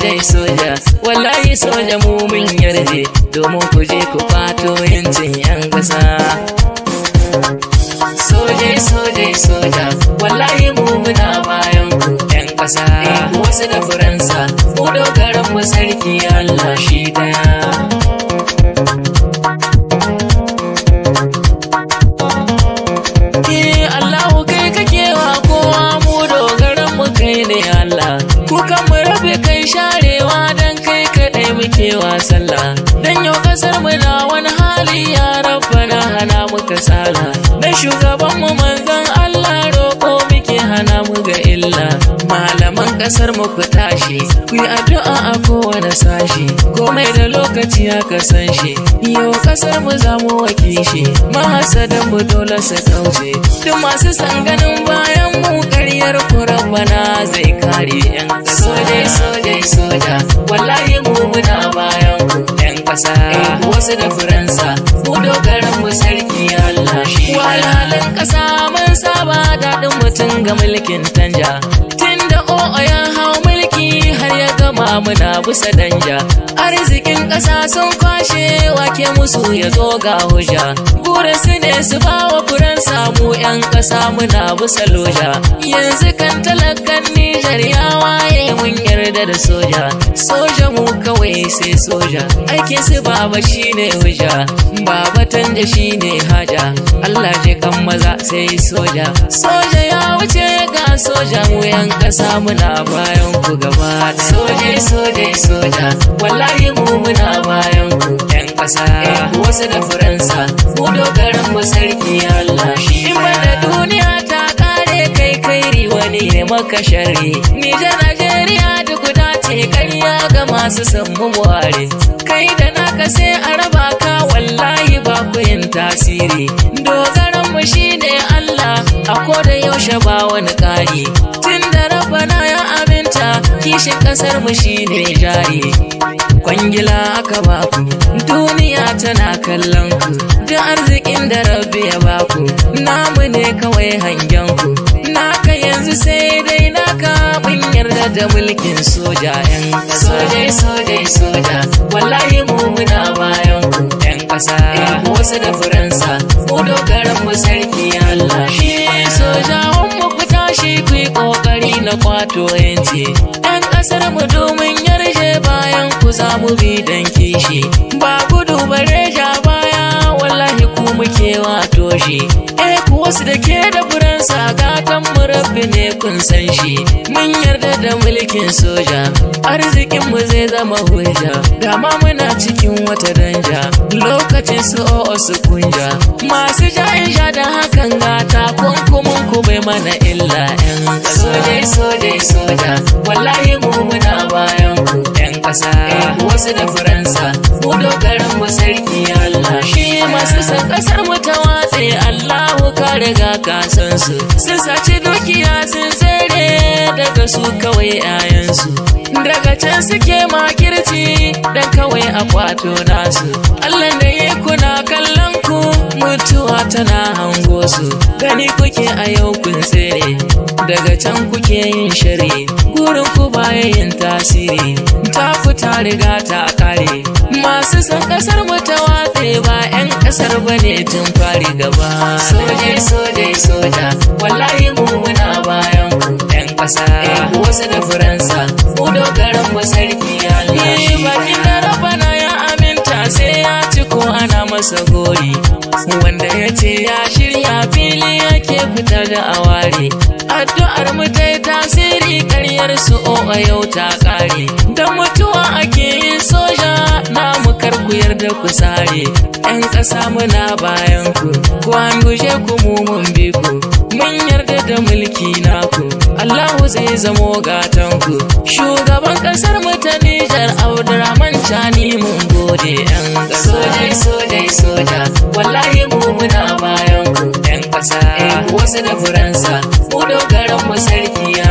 dai soja wallahi soja mu mun yarje domin ku je ku fato yancin yan ƙasa sojai sojai soja wallahi mu muna bayan ku yan ƙasa wasu da faransa mu dogaran mu sarki Allah shi daya cewa sallah dan yau kasar mu na wani hali ya rabbana hana mu kasala dan shugaban mu manzon Allah roko muke hana mu ga illa kasar mu ku tashi ku yi addu'a a kowane sashi komai da lokaci ya kasan shi yau kasar mu za mu wake shi mahasadan mu dole su kauce duk masu san ganin bayan mu karyar kuran bana zai kare 'yan kasa soja soja wallahi mu muna bayan ku 'yan kasa wasu da faransa mu dogaran mu sarki Allah shi walalan kasa mun saba daɗin mutum ga mulkin tanja muna busa danja arzikin ƙasa sun kwashe wake musu ya zo ga hujja gure su ne su bawa furen samu yan ƙasa muna busa loja yanzu kan talakan nijar ya waye mun yarda da soja soja mu kawai sai soja aikin su baba shine hujja baba tanja shine haja Allah je kan maza sai soja soja ya wuce soja mu kasa muna bayan ku gaba soje soje soja wallahi mu muna bayan ku yan kasa wasu da faransa ku dogaran mu sarki Allah shi ma da duniya ta kare kai kairi wani ne maka sharri ni da Najeriya duk da ce kariya ga masu san mu ware kai da naka sai a raba ka wallahi ba ku yin tasiri doga kwashe ba wani kari tun da rabana ya aminta kishin kasar mu shine jari kwangila aka baku duniya tana kallon ku da arzikin da rabbi ya ba baku namu ne kawai hangen ku naka yanzu sai dai naka bin yarda da mulkin soja yan soja sojai soja wallahi mu muna bayan ku yan kasa eh, wasu da faransa Ku dogaran mu sarki ƙaunar mu yarje yarshe bayan ku za mu bi dan kishi ba gudu bare reja baya wallahi ku muke wato shi eh ku wasu da ke da buransa gatan mu rabbi ne kun san shi mun yarda da mulkin soja arzikin mu zai zama hujja dama muna cikin wata danja lokacin su o'o su kunja masu jayin sha da hakan gata kunkumin ku bai mana illa yan soje soje soja wallahi wasu da faransa mu dogaran masarki Allah shi masu san kasar mu ta watse Allahu ka riga su sun saci dukiya sun tsere daga su kawai 'ya'yansu daga can suke makirci dan kawai a kwato nasu allah da ya kuna kallon ku mutuwa tana hango su gani kuke a yau kun tsere daga can kuke yin shari gurin ku baya yin tasiri ta ku ta riga ta kare masu san kasar mu ta watse ba yan kasar ne tun fari gaba soje soje soja wallahi mu muna bayan ku yan kasa eh, wasu da faransa yau garin masarki alhashi bakin da rabana ya aminta sai ya ci ko ana masa gori wanda ya ce ya shirya fili yake fitar da aware addu'ar mu ta yi tasiri karyar su o a yau ta ƙare. da mutuwa ake yi soja na mu kar ku yarda ku sare 'yan ƙasa muna bayan ku ku an guje ku mu mun bi ku Allahu zai zamo gatanku shugaban kasar mu ta Nijar Abdurrahman Chani mun gode yan kasa sojai sojai soja wallahi mu muna bayan ku yan kasa eh, wasu da Faransa mu dogaran mu sarki